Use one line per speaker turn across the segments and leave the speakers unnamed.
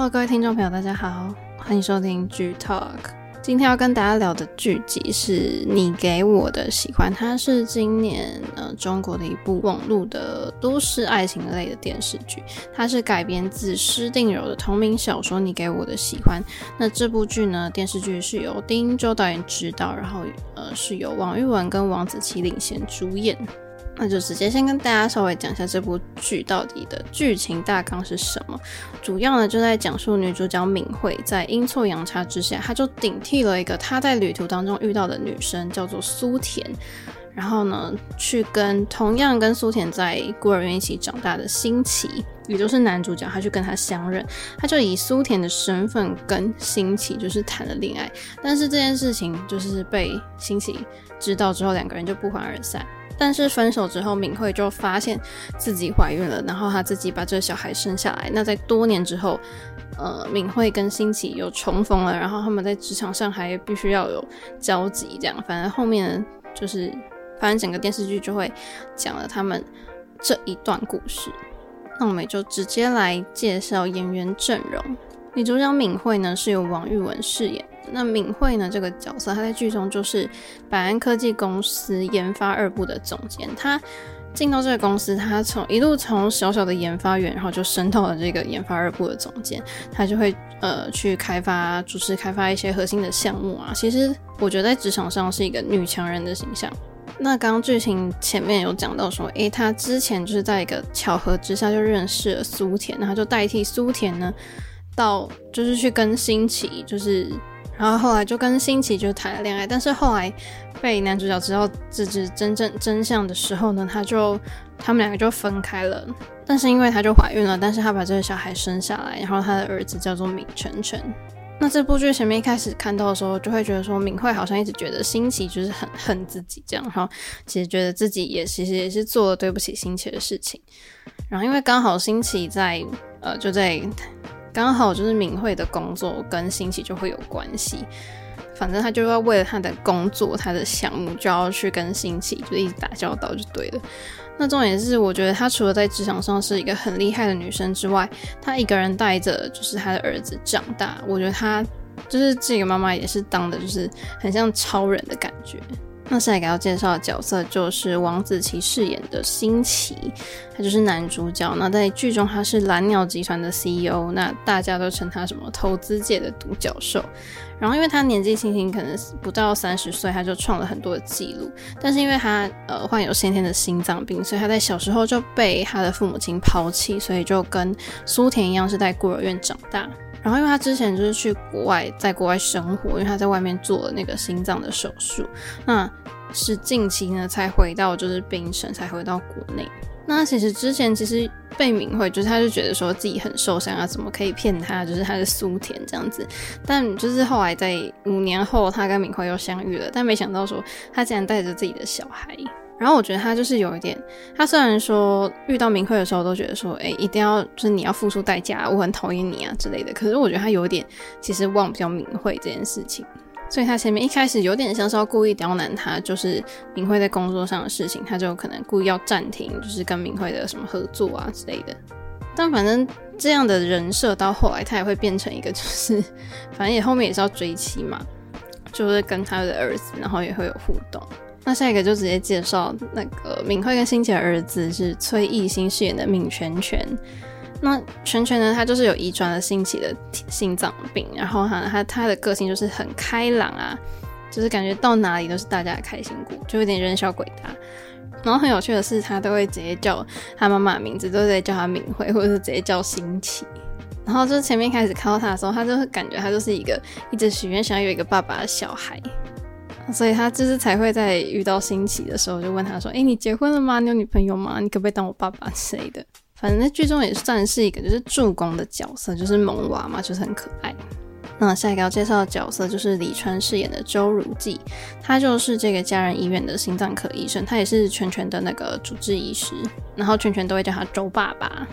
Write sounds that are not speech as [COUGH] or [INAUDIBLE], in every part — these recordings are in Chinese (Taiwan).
哈囉，各位聽眾朋友，大家好，歡迎收聽劇 Talk。今天要跟大家聊的劇集是你給我的喜歡，它是今年呃中國的一部網絡的都市愛情類的電視劇，它是改編自施定柔的同名小說《你給我的喜歡》。那這部劇呢，電視劇是由丁洲導演執導，然後呃是由王玉雯跟王子奇領銜主演。那就直接先跟大家稍微講一下這部劇到底的劇情大綱是什麼。主要呢就在講述女主角敏惠在陰錯陽差之下，她就頂替了一個她在旅途當中遇到的女生，叫做蘇田。然後呢，去跟同樣跟蘇田在孤兒院一起長大的新奇，也就是男主角，他去跟她相認，他就以蘇田的身份跟新奇就是談了戀愛。但是這件事情就是被新奇知道之後，兩個人就不歡而散。但是分手之後，敏慧就發現自己懷孕了，然後她自己把這個小孩生下來。那在多年之後，呃，敏慧跟辛奇又重逢了，然後他們在職場上還必須要有交集。這樣，反正後面就是，反正整個電視劇就會講了他們這一段故事。那我們就直接來介紹演員陣容。女主角敏慧呢是由王玉雯飾演。那敏慧呢，這個角色，她在劇中就是百安科技公司研發二部的總監。她進到這個公司，她從一路從小小的研發員，然後就升到了這個研發二部的總監。她就會呃去開發，主持開發一些核心的項目啊。其實我覺得在職場上是一個女強人的形象。那剛剛劇情前面有講到說，誒、欸，她之前就是在一個巧合之下就認識了蘇田，然後就代替蘇田呢，到就是去跟新奇就是。然後後來就跟新奇就談了戀愛，但是後來被男主角知道自己真正真相的時候呢，他就他們兩個就分開了。但是因為他就懷孕了，但是他把這個小孩生下來，然後他的兒子叫做閔晨晨。那這部劇前面一開始看到的時候，就會覺得說閔慧好像一直覺得新奇就是很恨自己這樣，然後其實覺得自己也其實也是做了對不起新奇的事情。然後因為剛好新奇在呃就在。剛好就是敏慧的工作跟新奇就會有關係，反正她就要為了她的工作、她的項目，就要去跟新奇就一直打交道，就對了。那重點是，我覺得她除了在職場上是一個很厲害的女生之外，她一個人帶着就是她的兒子長大，我覺得她就是這個媽媽也是當的，就是很像超人的感覺。那現在給他介紹的角色就是王子奇飾演的新奇，他就是男主角。那在劇中他是藍鳥集團的 CEO，那大家都稱他什麼投資界的獨角獸。然後因為他年紀輕輕，可能不到三十歲，他就創了很多的記錄。但是因為他呃患有先天的心臟病，所以他在小時候就被他的父母親拋棄，所以就跟蘇田一樣是在孤兒院長大。然後因為他之前就是去國外，在國外生活，因為他在外面做了那個心臟的手術。那是近期呢才回到，就是冰城才回到國內。那其實之前其實被明慧就是他就覺得說自己很受傷啊，怎麼可以騙他？就是他是蘇田這樣子。但就是後來在五年後，他跟明慧又相遇了，但沒想到說他竟然帶着自己的小孩。然後我覺得他就是有一點，他雖然說遇到明慧的時候都覺得說，哎、欸，一定要就是你要付出代價、啊，我很討厭你啊之類的。可是我覺得他有一點其實忘不掉明慧這件事情。所以他前面一開始有點像是要故意刁難他，就是明慧在工作上的事情，他就可能故意要暫停，就是跟明慧的什麼合作啊之類的。但反正這樣的人設到後來，他也會變成一個，就是反正也後面也是要追妻嘛，就是跟他的兒子，然後也會有互動。那下一個就直接介紹那個明慧跟辛奇的兒子，是崔藝新飾演的閔全全。那全全呢，他就是有遺傳的新奇的心臟病，然後他他他的個性就是很開朗啊，就是感覺到哪裡都是大家的開心果，就有點人小鬼大。然後很有趣的是，他都會直接叫他媽媽名字，都在叫他敏惠，或者是直接叫新奇。然後就是前面開始看到他的時候，他就會感覺他就是一個一直許願想要有一個爸爸的小孩，所以他就是才會在遇到新奇的時候就問他說：“哎、欸，你結婚了嗎？你有女朋友嗎？你可不可以當我爸爸之類的？”反正在劇中也算是一個就是助攻的角色，就是萌娃嘛，就是很可愛。那下一個要介紹的角色就是李川飾演的周如記，他就是這個家人醫院的心臟科醫生，他也是全全的那個主治醫師，然後全全都會叫他周爸爸。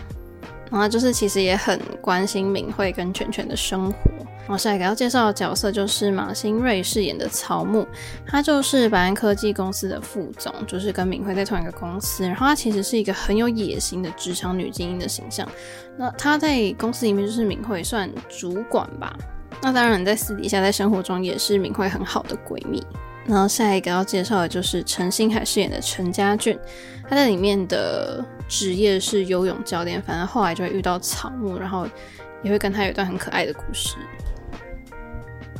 然後就是其實也很關心明慧跟全全的生活。然後下一個要介紹的角色就是馬興瑞飾演的曹木，他就是百安科技公司的副總，就是跟明慧在同一個公司。然後他其實是一個很有野心的職場女精英的形象。那他在公司裡面就是明慧算主管吧。那當然在私底下，在生活中也是明慧很好的閨蜜。然後下一個要介紹的就是陳星海飾演的陳家俊，他在裡面的。職業是游泳教練，反正後來就會遇到草木，然後也會跟他有一段很可愛的故事。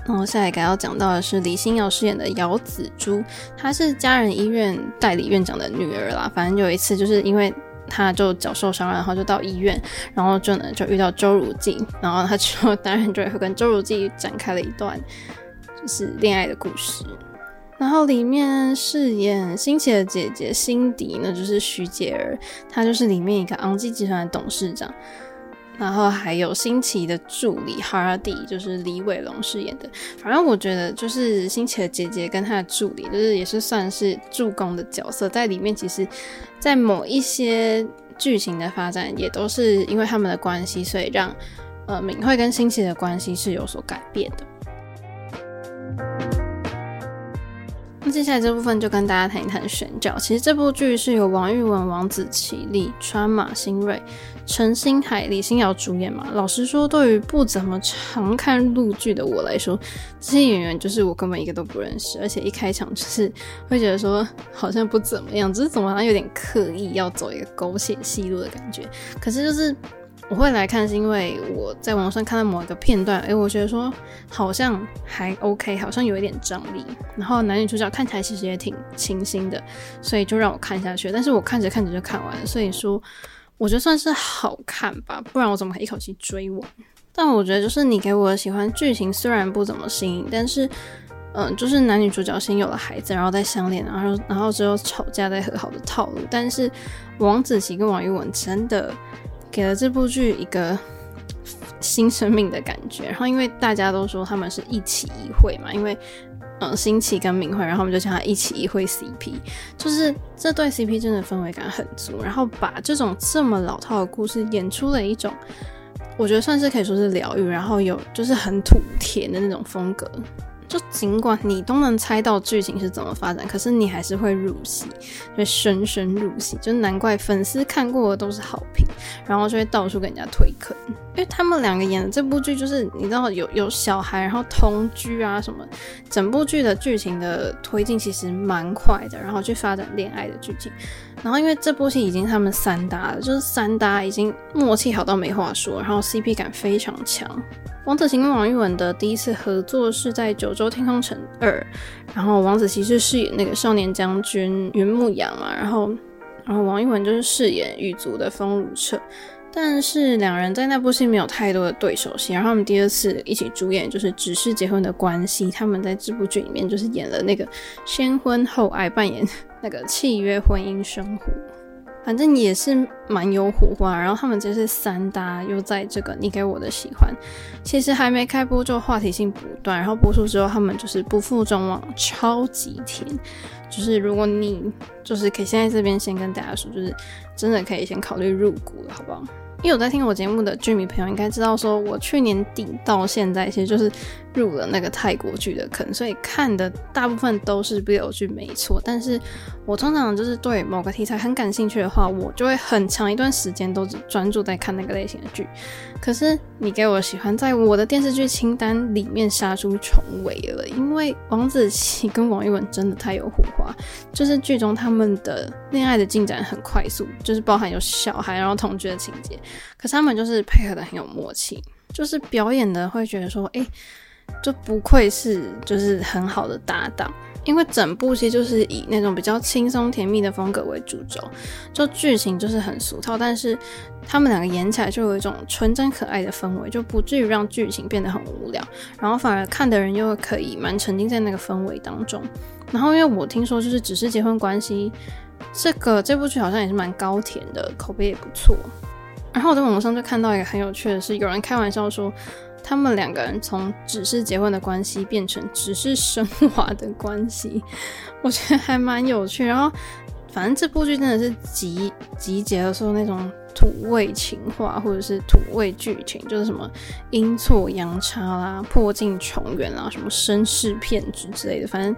然後接下來要講到的是李心耀飾演的姚子珠，她是家人醫院代理院長的女兒啦。反正有一次就是因為她就腳受傷了，然後就到醫院，然後就能就遇到周如靜，然後她就當然就會跟周如靜展開了一段就是戀愛的故事。然後裡面飾演新奇的姐姐辛迪呢，就是徐潔兒，她就是裡面一個昂基集團的董事長。然後還有新奇的助理哈迪，就是李偉龍飾演的。反正我覺得就是新奇的姐姐跟他的助理，就是也是算是助攻的角色，在裡面其實，在某一些劇情的發展，也都是因為他們的關係，所以讓呃敏慧、跟新奇的關係是有所改變的。嗯、接下來這部分就跟大家談一談選角。其實這部劇是由王玉雯、王子奇、李川、馬新瑞、陳星海、李心瑤主演嘛。老實說，對於不怎麼常看陸劇的我來說，這些演員就是我根本一個都不認識。而且一開場就是會覺得說，好像不怎麼樣，只、就是怎麼好像有點刻意要走一個狗血戲路的感覺。可是就是。我會來看是因為我在網上看到某一個片段，誒，我覺得說好像還 OK，好像有一點張力，然後男女主角看起來其實也挺清新的，所以就讓我看下去。但是我看着看着就看完了，所以說我覺得算是好看吧，不然我怎麼還一口氣追完？但我覺得就是你給我的喜歡劇情雖然不怎麼新穎，但是嗯，就是男女主角先有了孩子，然後再相戀，然後然後之後吵架再和好的套路。但是王子奇跟王玉雯真的。給了這部劇一個新生命的感覺，然後因為大家都說他們是一起一會嘛，因為嗯，新奇跟明會，然後我們就叫他一起一會 CP，就是這對 CP 真的氛圍感很足，然後把這種這麼老套的故事演出了一種，我覺得算是可以說是療癒，然後有就是很土甜的那種風格。就儘管你都能猜到劇情是怎麼發展，可是你還是會入戲，就深深入戲。就難怪粉絲看過的都是好評，然後就會到處給人家推坑。因為他們兩個演的這部劇，就是你知道有有小孩，然後同居啊什麼，整部劇的劇情的推進其實蠻快的，然後去發展戀愛的劇情。然後因為這部戲已經他們三搭了，就是三搭已經默契好到沒話說，然後 CP 感非常強。王子奇跟王玉雯的第一次合作是在《九州天空城二》，然後王子奇是飾演那個少年將軍雲牧羊嘛，然後，然後王玉雯就是飾演獄卒的風如澈。但是兩人在那部戲沒有太多的對手戲。然後他們第二次一起主演就是《只是結婚的關係》，他們在這部劇裡面就是演了那個先婚後愛，扮演那個契約婚姻生活。反正也是蠻有火花，然後他們真是三搭又在這個你給我的喜歡，其實還沒開播就話題性不斷，然後播出之後他們就是不負眾望，超級甜，就是如果你就是可以現在這邊先跟大家說，就是真的可以先考慮入股了，好不好？因為我在聽我節目的劇迷朋友應該知道，說我去年底到現在，其實就是。入了那個泰國劇的坑，所以看的大部分都是 BL 劇，沒錯。但是我通常就是對某個題材很感興趣的話，我就會很長一段時間都只專注在看那個類型的劇。可是你給我喜歡，在我的電視劇清單裡面殺出重圍了，因為王子奇跟王玉雯真的太有火花。就是劇中他們的戀愛的進展很快速，就是包含有小孩，然後同居的情節。可是他們就是配合的很有默契，就是表演的會覺得說，哎、欸。就不愧是就是很好的搭檔，因為整部戲就是以那種比較輕鬆甜蜜的風格為主軸，就劇情就是很俗套，但是他們兩個演起來就有一種純真可愛的氛圍，就不至於讓劇情變得很無聊，然後反而看的人又可以蠻沉浸在那個氛圍當中。然後因為我聽說就是只是結婚關係，這個這部劇好像也是蠻高甜的，口碑也不錯。然後我在網上就看到一個很有趣的是，有人開玩笑說。他們兩個人從只是結婚的關係變成只是升華的關係，我覺得還蠻有趣。然後，反正這部劇真的是集集結了說那種土味情話或者是土味劇情，就是什麼陰錯陽差啦、破鏡重圓啊、什麼身世騙局之類的，反正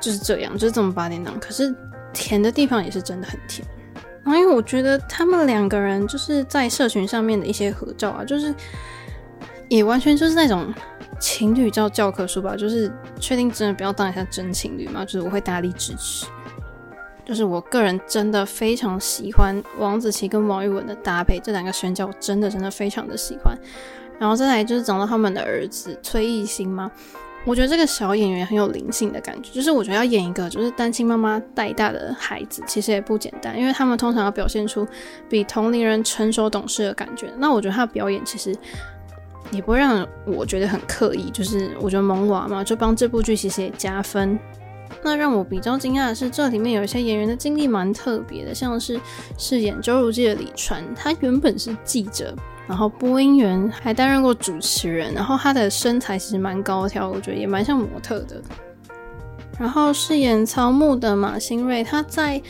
就是這樣，就是這麼八點檔。可是甜的地方也是真的很甜。然後，因為我覺得他們兩個人就是在社群上面的一些合照啊，就是。也完全就是那種情侶叫教科書吧，就是確定真的不要當一下真情侶嘛？就是我會大力支持，就是我個人真的非常喜歡王子奇跟王玉雯的搭配，這兩個選角我真的真的非常的喜歡。然後再來就是講到他們的兒子崔藝星嘛，我覺得這個小演員很有靈性的感覺，就是我覺得要演一個就是單親媽媽帶大的孩子，其實也不簡單，因為他們通常要表現出比同齡人成熟懂事的感覺。那我覺得他的表演其實。也不會讓我覺得很刻意，就是我覺得萌娃嘛，就幫這部劇其實也加分。那讓我比較驚訝的是，這裡面有一些演員的經歷蠻特別的，像是飾演周如記的李川，他原本是記者，然後播音員，還擔任過主持人，然後他的身材其實蠻高挑，我覺得也蠻像模特的。然後飾演曹木的馬新瑞，他在。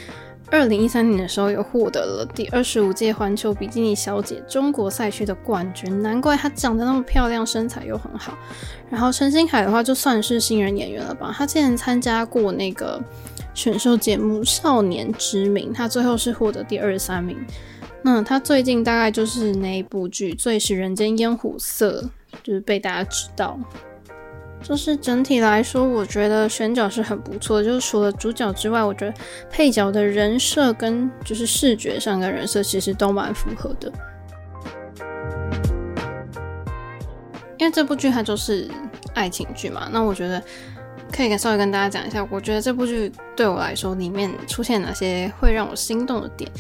二零一三年的時候，又獲得了第二十五屆環球比基尼小姐中國賽區的冠軍，難怪她長得那麼漂亮，身材又很好。然後陳星海的話，就算是新人演員了吧，他之前參加過那個選秀節目《少年之名》，他最後是獲得第二十三名。那、嗯、他最近大概就是那一部劇《最是人間煙火色》，就是被大家知道。就是整體來說，我覺得選角是很不錯的。就是除了主角之外，我覺得配角的人設跟就是視覺上的人設其實都蠻符合的。因為這部劇它就是愛情劇嘛，那我覺得可以稍微跟大家講一下，我覺得這部劇對我來說裡面出現哪些會讓我心動的點。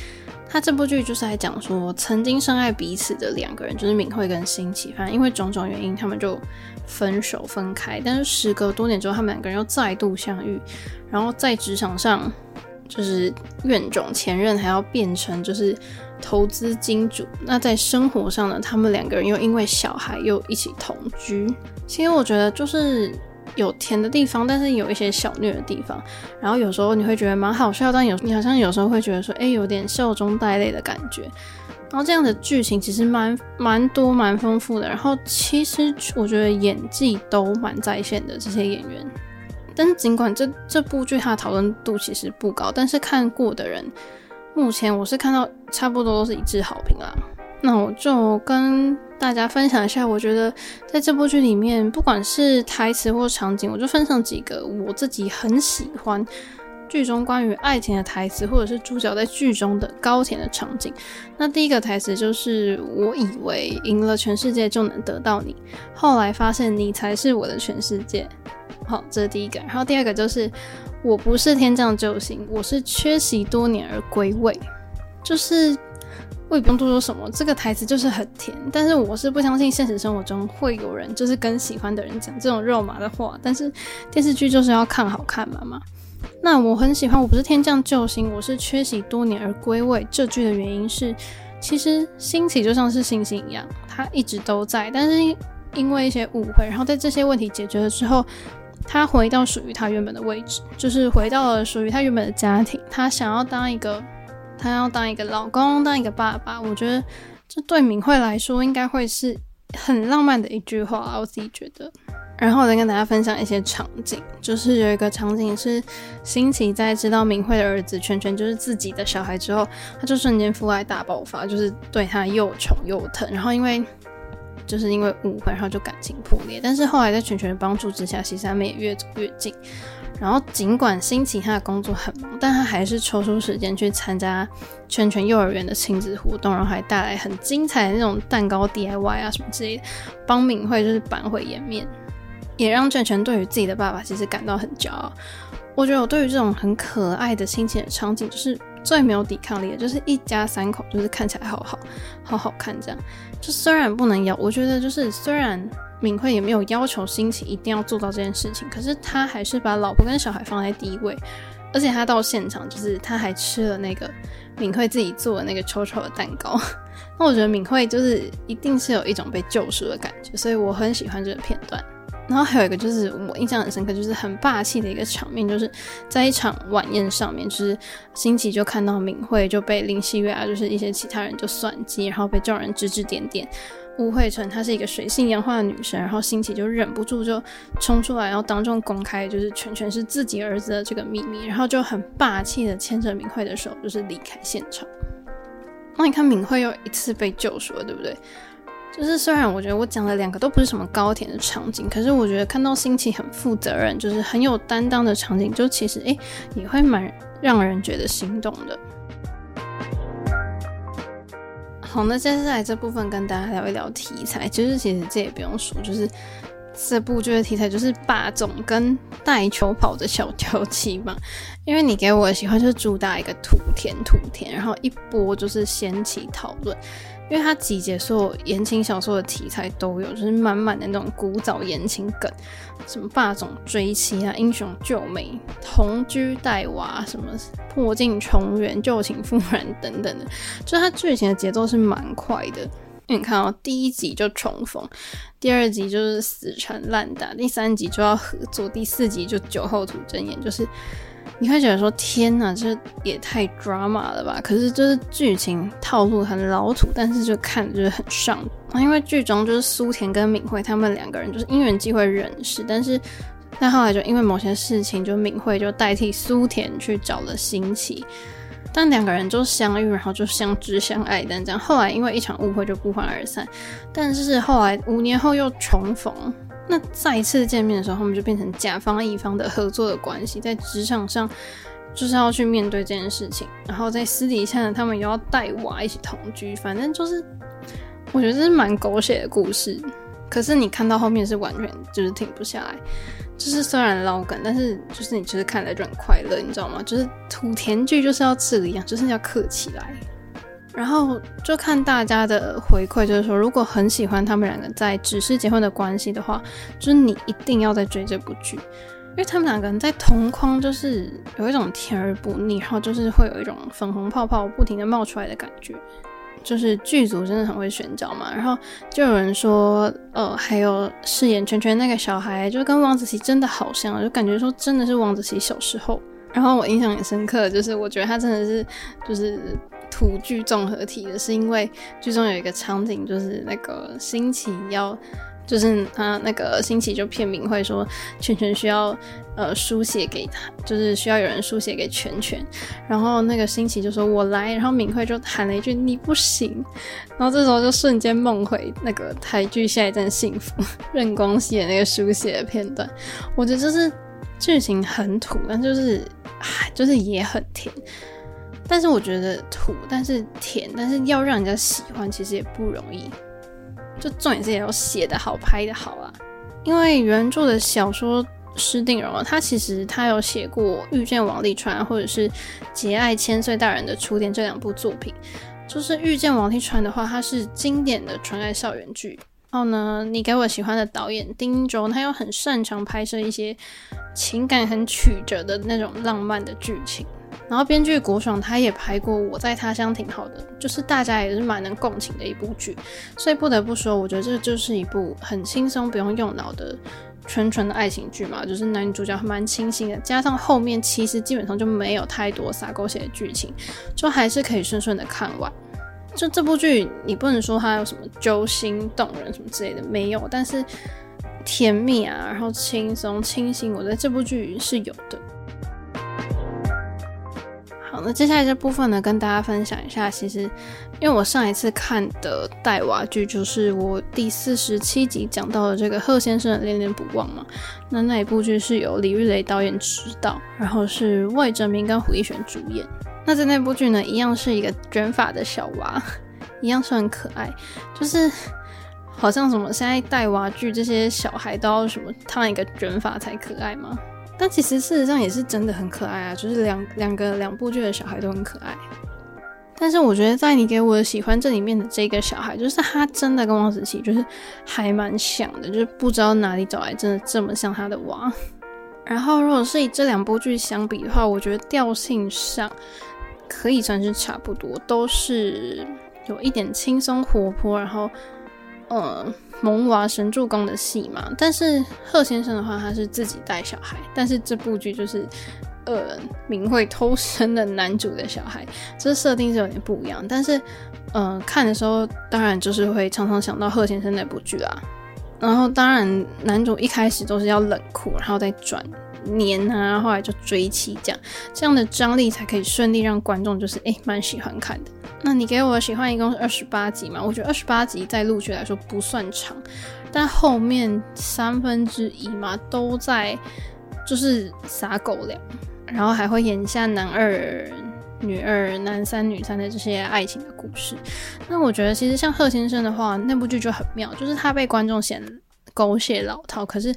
那這部劇就是來講說，曾經深愛彼此的兩個人，就是敏慧跟新奇，反正因為種種原因，他們就分手分開。但是時隔多年之後，他們兩個人又再度相遇，然後在職場上就是怨種前任還要變成就是投資金主。那在生活上呢，他們兩個人又因為小孩又一起同居。其實我覺得就是。有甜的地方，但是有一些小虐的地方，然後有時候你會覺得蠻好笑，但有你好像有時候會覺得說，誒，有點笑中帶淚的感覺。然後這樣的劇情其實蠻蠻多、蠻豐富的。然後其實我覺得演技都蠻在線的這些演員。但是儘管這這部劇它的討論度其實不高，但是看過的人，目前我是看到差不多都是一致好評啦。那我就跟。大家分享一下，我覺得在這部劇裡面，不管是台詞或場景，我就分享幾個我自己很喜歡劇中關於愛情的台詞，或者是主角在劇中的高甜的場景。那第一個台詞就是“我以為贏了全世界就能得到你，後來發現你才是我的全世界。”好，這是第一個。然後第二個就是“我不是天降救星，我是缺席多年而歸位。”就是。我也不用多說什麼，這個台詞就是很甜。但是我是不相信現實生活中會有人就是跟喜歡的人講這種肉麻的話。但是電視劇就是要看好看嘛嘛。那我很喜歡《我不是天降救星》，我是缺席多年而歸位。這句的原因是，其實星啟就像是星星一樣，它一直都在。但是因為一些誤會，然後在這些問題解決了之後，他回到屬於他原本的位置，就是回到了屬於他原本的家庭。他想要當一個。他要當一個老公，當一個爸爸，我覺得這對明慧來說應該會是很浪漫的一句話，我自己覺得。然後再跟大家分享一些場景，就是有一個場景是新奇在知道明慧的兒子全全就是自己的小孩之後，他就瞬間父愛大爆發，就是對他又寵又疼。然後因為就是因為誤會，然後就感情破裂。但是後來在全全的幫助之下，其實他們也越走越近。然後儘管新奇，他的工作很忙，但他還是抽出時間去參加圈圈幼兒園的親子活動，然後還帶來很精彩的那種蛋糕 DIY 啊什麼之類的，幫敏慧就是扳回顏面，也讓圈圈對於自己的爸爸其實感到很驕傲。我覺得我對於這種很可愛的親情的場景，就是最沒有抵抗力的，就是一家三口就是看起來好好好好看這樣，就雖然不能有，我覺得就是雖然。敏慧也沒有要求新奇一定要做到這件事情，可是他還是把老婆跟小孩放在第一位，而且他到現場就是他還吃了那個敏慧自己做的那個醜醜的蛋糕，那我覺得敏慧就是一定是有一種被救贖的感覺，所以我很喜歡這個片段。然後還有一個就是我印象很深刻，就是很霸氣的一個場面，就是在一場晚宴上面，就是新奇就看到敏慧就被林希月啊，就是一些其他人就算計，然後被眾人指指點點。誤會成她是一個水性楊花的女生，然後新奇就忍不住就衝出來，然後當眾公開，就是全全是自己兒子的這個秘密，然後就很霸氣的牽着敏慧的手，就是離開現場。那你看敏慧又一次被救贖了，對不對？就是雖然我覺得我講了兩個都不是什麼高甜的場景，可是我覺得看到新奇很負責任，就是很有擔當的場景，就其實哎也會蠻讓人覺得心動的。好，那接下來這部分跟大家聊一聊題材，就是其實這也不用說，就是這部劇的題材就是霸總跟帶球跑的小嬌妻嘛，因為你給我的喜歡就是主打一個土甜土甜，然後一波就是掀起討論。因為它集結所有言情小說的題材都有，就是滿滿的那種古早言情梗，什麼霸總追妻啊、英雄救美、同居帶娃、什麼破鏡重圓、舊情復燃等等的，就是它劇情的節奏是蠻快的。因為你看哦，第一集就重逢，第二集就是死纏爛打，第三集就要合作，第四集就酒後吐真言，就是。你會覺得說天哪，這也太 drama 了吧？可是就是劇情套路很老土，但是就看就是很上頭。啊，因為劇中就是蘇田跟敏慧他們兩個人就是因緣際會認識，但是但後來就因為某些事情，就敏慧就代替蘇田去找了新奇，但兩個人就相遇，然後就相知相愛，但這樣後來因為一場誤會就不歡而散，但是後來五年後又重逢。那再一次見面的時候，他們就變成甲方乙方的合作的關係，在職場上就是要去面對這件事情，然後在私底下呢，他們又要帶娃一起同居，反正就是我覺得這是蠻狗血的故事。可是你看到後面是完全就是停不下來，就是雖然老梗，但是就是你就是看來就很快樂，你知道嗎？就是土甜劇就是要這個樣，就是要嗑起來。然後就看大家的回饋，就是說，如果很喜歡他們兩個在只是結婚的關係的話，就是你一定要再追這部劇，因為他們兩個人在同框，就是有一種甜而不膩，然後就是會有一種粉紅泡泡不停的冒出來的感覺，就是劇組真的很會選角嘛。然後就有人說，呃，還有飾演圈圈那個小孩，就跟王子奇真的好像，就感覺說真的是王子奇小時候。然後我印象很深刻，就是我覺得他真的是就是。土劇綜合體的，是因為劇中有一個場景，就是那個新奇要，就是他那個新奇就騙敏慧說全全需要呃輸血給他，就是需要有人輸血給全全。然後那個新奇就說我來，然後敏慧就喊了一句你不行，然後這時候就瞬間夢回那個台劇下一站幸福任光晞的那個輸血的片段，我覺得就是劇情很土，但就是就是也很甜。但是我覺得土，但是甜，但是要讓人家喜歡，其實也不容易。就重點是也要寫得好，拍得好啊。因為原著的小說施定柔啊，他其實他有寫過《遇見王瀝川》或者是《結愛千歲大人》的初戀這兩部作品。就是《遇見王瀝川》的話，它是經典的純愛校園劇。然後呢，你給我喜歡的導演丁英洲，他又很擅長拍攝一些情感很曲折的那種浪漫的劇情。然後編劇谷爽他也拍過《我在他鄉挺好的》，就是大家也是蠻能共情的一部劇，所以不得不說，我覺得這就是一部很輕鬆不用用腦的純純的愛情劇嘛，就是男女主角蠻清新的，加上後面其實基本上就沒有太多撒狗血的劇情，就還是可以順順的看完。就這部劇，你不能說它有什麼揪心動人什麼之類的，沒有，但是甜蜜啊，然後輕鬆清新，我覺得這部劇是有的。好，那接下來這部分呢，跟大家分享一下。其實，因為我上一次看的帶娃劇，就是我第四十七集講到的這個《賀先生的戀戀不忘》嘛。那那一部劇是由李玉雷導演執導，然後是魏哲鳴跟胡一璇主演。那在那部劇呢，一樣是一個捲髮的小娃，一樣是很可愛。就是好像什麼現在帶娃劇這些小孩都要什麼燙一個捲髮才可愛嗎？但其實事實上也是真的很可愛啊，就是兩兩個兩部劇的小孩都很可愛。但是我覺得在你給我的喜歡這裡面的這個小孩，就是他真的跟王子奇就是還蠻像的，就是不知道哪裡找來真的這麼像他的娃。然後如果是以這兩部劇相比的話，我覺得調性上可以算是差不多，都是有一點輕鬆活潑，然後。嗯、呃，萌娃神助攻的戲嘛，但是賀先生的話，他是自己帶小孩，但是這部劇就是，呃，明慧偷生的男主的小孩，這設定是有點不一樣。但是，嗯、呃，看的時候當然就是會常常想到賀先生那部劇啦。然後，當然男主一開始都是要冷酷，然後再轉黏啊，後，後來就追妻這樣，這樣的張力才可以順利讓觀眾就是哎、欸、蠻喜歡看的。那你給我的喜歡一共是二十八集嘛？我覺得二十八集在陸劇來說不算長，但後面三分之一嘛都在就是撒狗糧，然後還會演一下男二、女二、男三、女三的這些愛情的故事。那我覺得其實像賀先生的話，那部劇就很妙，就是他被觀眾嫌狗血老套，可是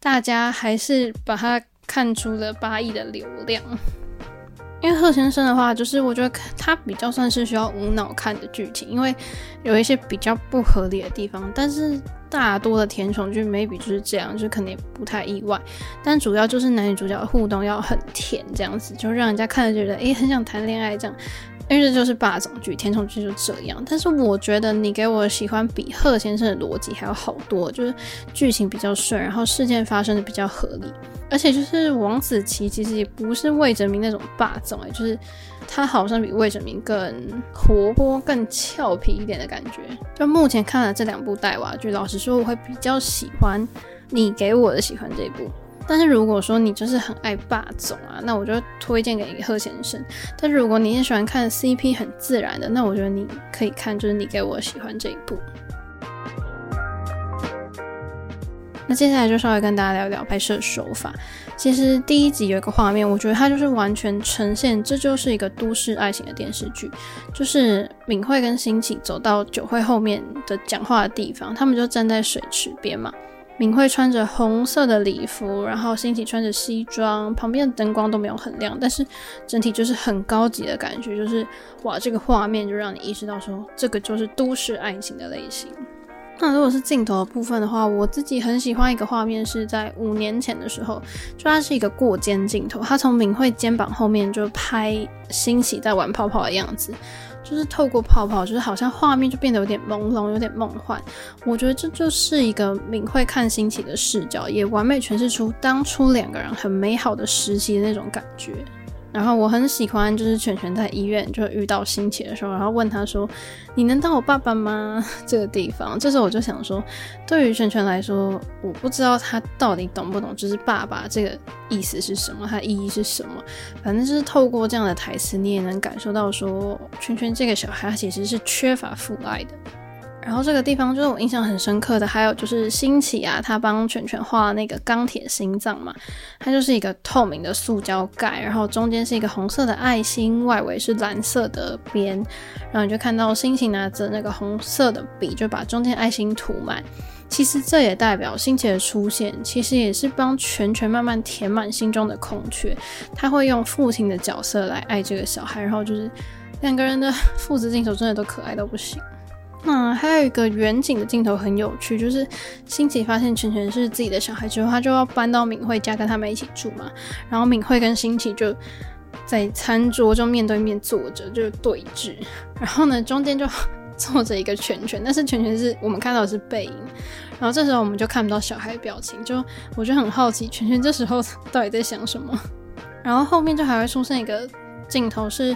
大家還是把他看出了八億的流量。因為賀先生的話，就是我覺得他比較算是需要無腦看的劇情，因為有一些比較不合理的地方。但是大多的甜寵劇 maybe 就是這樣，就可能也不太意外。但主要就是男女主角的互動要很甜，這樣子就讓人家看着覺得哎、欸、很想談戀愛這樣。因為這就是霸總劇，甜寵劇就這樣。但是我覺得你給我的喜歡比賀先生的邏輯還要好多，就是劇情比較順，然後事件發生的比較合理。而且就是王子奇其實也不是魏哲鳴那種霸總誒，就是他好像比魏哲鳴更活潑、更俏皮一點的感覺。就目前看了這兩部帶娃劇，老實說我會比較喜歡你給我的喜歡這一部。但是如果說你就是很愛霸總啊，那我就推薦給賀先生。但是如果你也喜歡看 CP 很自然的，那我覺得你可以看，就是你給我喜歡這一部。 [NOISE] 那接下來就稍微跟大家聊聊拍攝手法。其實第一集有一個畫面，我覺得它就是完全呈現，這就是一個都市愛情的電視劇，就是敏慧跟心奇走到酒會後面的講話的地方，他們就站在水池邊嘛。敏慧穿着紅色的禮服，然後欣喜穿着西裝，旁邊的燈光都沒有很亮，但是整體就是很高級的感覺，就是哇，這個畫面就讓你意識到說，這個就是都市愛情的類型。那如果是鏡頭的部分的話，我自己很喜歡一個畫面是在五年前的時候，就它是一個過肩鏡頭，它從敏慧肩膀後面就拍欣喜在玩泡泡的樣子。就是透過泡泡，就是好像畫面就變得有點朦朧，有點夢幻。我覺得這就是一個敏慧看新奇的視角，也完美詮釋出當初兩個人很美好的時期的那種感覺。然後我很喜歡，就是圈圈在醫院就遇到新奇的時候，然後問他說：“你能當我爸爸嗎？”這個地方，這時候我就想說，對於圈圈來說，我不知道他到底懂不懂，就是“爸爸”這個意思是什麼，他意義是什麼。反正就是透過這樣的台詞，你也能感受到說，圈圈這個小孩其實是缺乏父愛的。然後這個地方就是我印象很深刻的，還有就是星奇啊，他幫全全畫那個鋼鐵心臟嘛，它就是一個透明的塑膠蓋，然後中間是一個紅色的愛心，外圍是藍色的邊，然後你就看到星奇拿着那個紅色的筆，就把中間愛心塗滿。其實這也代表星奇的出現，其實也是幫全全慢慢填滿心中的空缺。他會用父親的角色來愛這個小孩，然後就是兩個人的父子鏡頭真的都可愛到不行。嗯，還有一個遠景的鏡頭很有趣，就是新奇發現全全是自己的小孩之後，他就要搬到敏慧家跟他們一起住嘛。然後敏慧跟新奇就在餐桌就面對面坐着就對峙，然後呢，中間就坐着一個圈圈，但是圈圈是我們看到的是背影，然後這時候我們就看不到小孩的表情，就我就很好奇全全這時候到底在想什麼。然後後面就還會出現一個。鏡頭是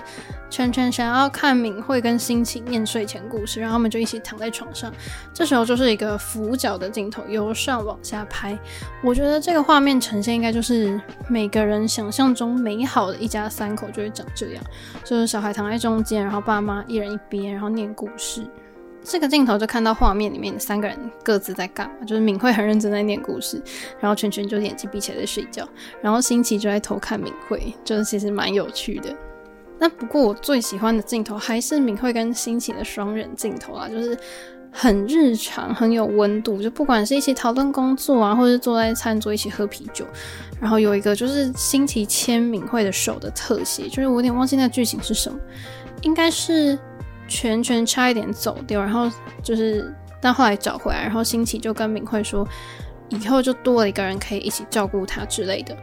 圈圈想要看敏慧跟欣晴念睡前故事，然後他們就一起躺在床上。這時候就是一個俯角的鏡頭，由上往下拍。我覺得這個畫面呈現應該就是每個人想象中美好的一家三口就會長這樣：就是小孩躺在中間，然後爸媽一人一邊，然後念故事。這個鏡頭就看到畫面裡面三個人各自在幹嘛，就是敏慧很認真在念故事，然後全全就眼睛閉起來在睡覺，然後新奇就在偷看敏慧，就是其實蠻有趣的。那不過我最喜歡的鏡頭還是敏慧跟新奇的雙人鏡頭啊，就是很日常很有溫度，就不管是一起討論工作啊，或者是坐在餐桌一起喝啤酒，然後有一個就是新奇牽敏慧的手的特寫，就是我有點忘記那個劇情是什麼，應該是。全全差一點走掉，然後就是，但後來找回來，然後新奇就跟敏慧說，以後就多了一個人可以一起照顧他之類的。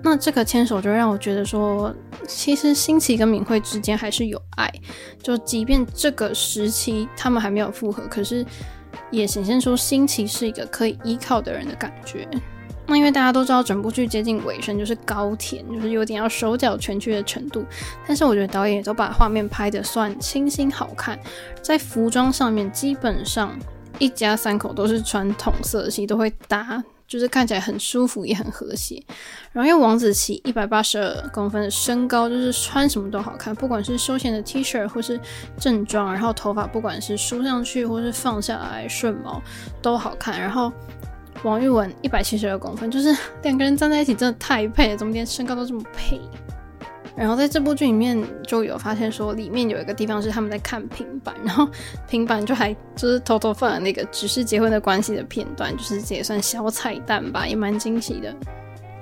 那這個牽手就讓我覺得說，其實新奇跟敏慧之間還是有愛，就即便這個時期他們還沒有復合，可是也顯現出新奇是一個可以依靠的人的感覺。那、嗯、因為大家都知道，整部劇接近尾聲就是高甜，就是有點要手腳蜷曲的程度。但是我覺得導演也都把畫面拍得算清新好看，在服裝上面基本上一家三口都是穿同色系都會搭，就是看起來很舒服也很和諧。然後因為王子奇一百八十二公分的身高，就是穿什麼都好看，不管是休閒的 T 恤或是正裝，然後頭髮不管是梳上去或是放下來順毛都好看。然後。王玉雯一百七十二公分，就是兩個人站在一起真的太配了，怎麼連身高都這麼配？然後在這部劇裡面就有發現說，裡面有一個地方是他們在看平板，然後平板就還就是偷偷放了那個只是結婚的關係的片段，就是這也算小彩蛋吧，也蠻驚奇的。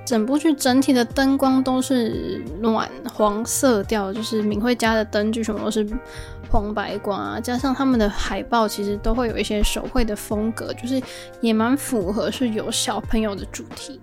整部劇整體的燈光都是暖黃色調，就是明慧家的燈具全部都是紅白光啊，加上他們的海報其實都會有一些手繪的風格，就是也蠻符合是有小朋友的主題。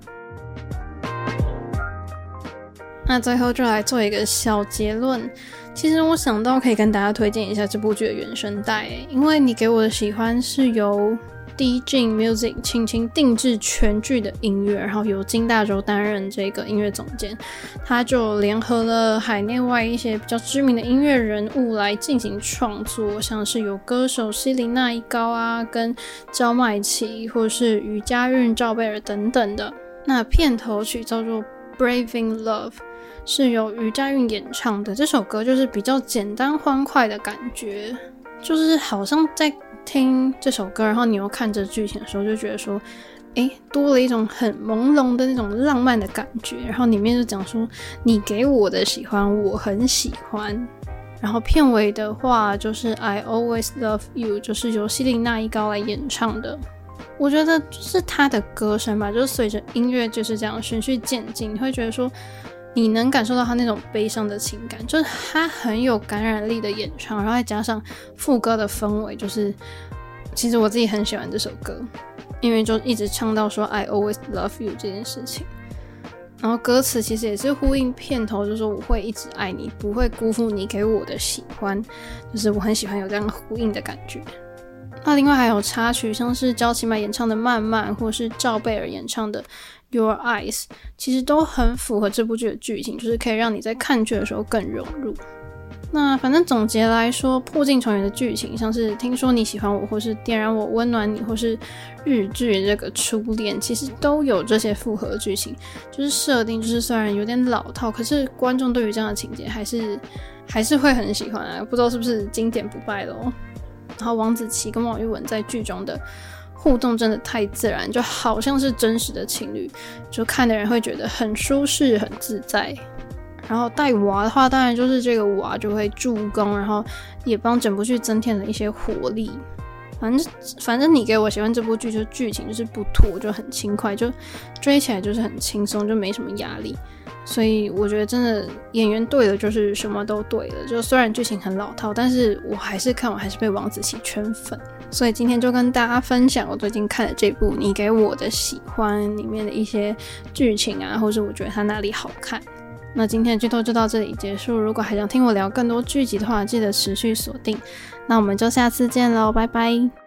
那最後就來做一個小結論，其實我想到可以跟大家推薦一下這部劇的原聲帶，因為你給我的喜歡是由。DJ Music 傾情定制全劇的音樂，然後由金大洲擔任這個音樂總監，他就聯合了海內外一些比較知名的音樂人物來進行創作，像是有歌手希林娜依高啊，跟焦邁奇或是余佳運、趙貝爾等等的。那片頭曲叫做《Braving Love》，是由余佳運演唱的。這首歌就是比較簡單歡快的感覺，就是好像在。聽這首歌，然後你又看着劇情的時候，就覺得說，誒，多了一種很朦朧的那種浪漫的感覺。然後裡面就講說，你給我的喜歡，我很喜歡。然後片尾的話就是 I always love you，就是由希林娜依高來演唱的。我覺得是他的歌聲吧，就是隨着音樂就是這樣循序漸進，你會覺得說。你能感受到他那種悲傷的情感，就是他很有感染力的演唱，然後再加上副歌的氛圍，就是其實我自己很喜歡這首歌，因為就一直唱到說 I always love you 這件事情，然後歌詞其實也是呼應片頭，就是說我會一直愛你，不會辜負你給我的喜歡，就是我很喜歡有這樣的呼應的感覺。那、啊、另外還有插曲，像是焦邁奇演唱的《慢慢》，或是趙貝爾演唱的。Your eyes，其實都很符合這部劇的劇情，就是可以讓你在看劇的時候更融入。那反正總結來說，《破鏡重圓》的劇情像是聽說你喜歡我，或是點燃我溫暖你，或是日劇這個初戀，其實都有這些復合劇情，就是設定就是雖然有點老套，可是觀眾對於這樣的情節還是還是會很喜歡啊。不知道是不是經典不敗咯？然後王子奇跟王玉雯在劇中的。互動真的太自然，就好像是真實的情侶，就看的人會覺得很舒適、很自在。然後帶娃的話，當然就是這個娃就會助攻，然後也幫整部劇增添了一些活力。反正反正你給我喜歡這部劇，就劇情就是不拖，就很輕快，就追起來就是很輕鬆，就沒什麼壓力。所以我覺得真的演員對了，就是什麼都對了。就雖然劇情很老套，但是我還是看，我還是被王子奇圈粉。所以今天就跟大家分享我最近看的這部《你給我的喜歡》裡面的一些劇情啊，或是我覺得它哪裡好看。那今天的劇透就到這裡結束，如果還想聽我聊更多劇集的話，記得持續鎖定。那我們就下次見嘍，拜拜。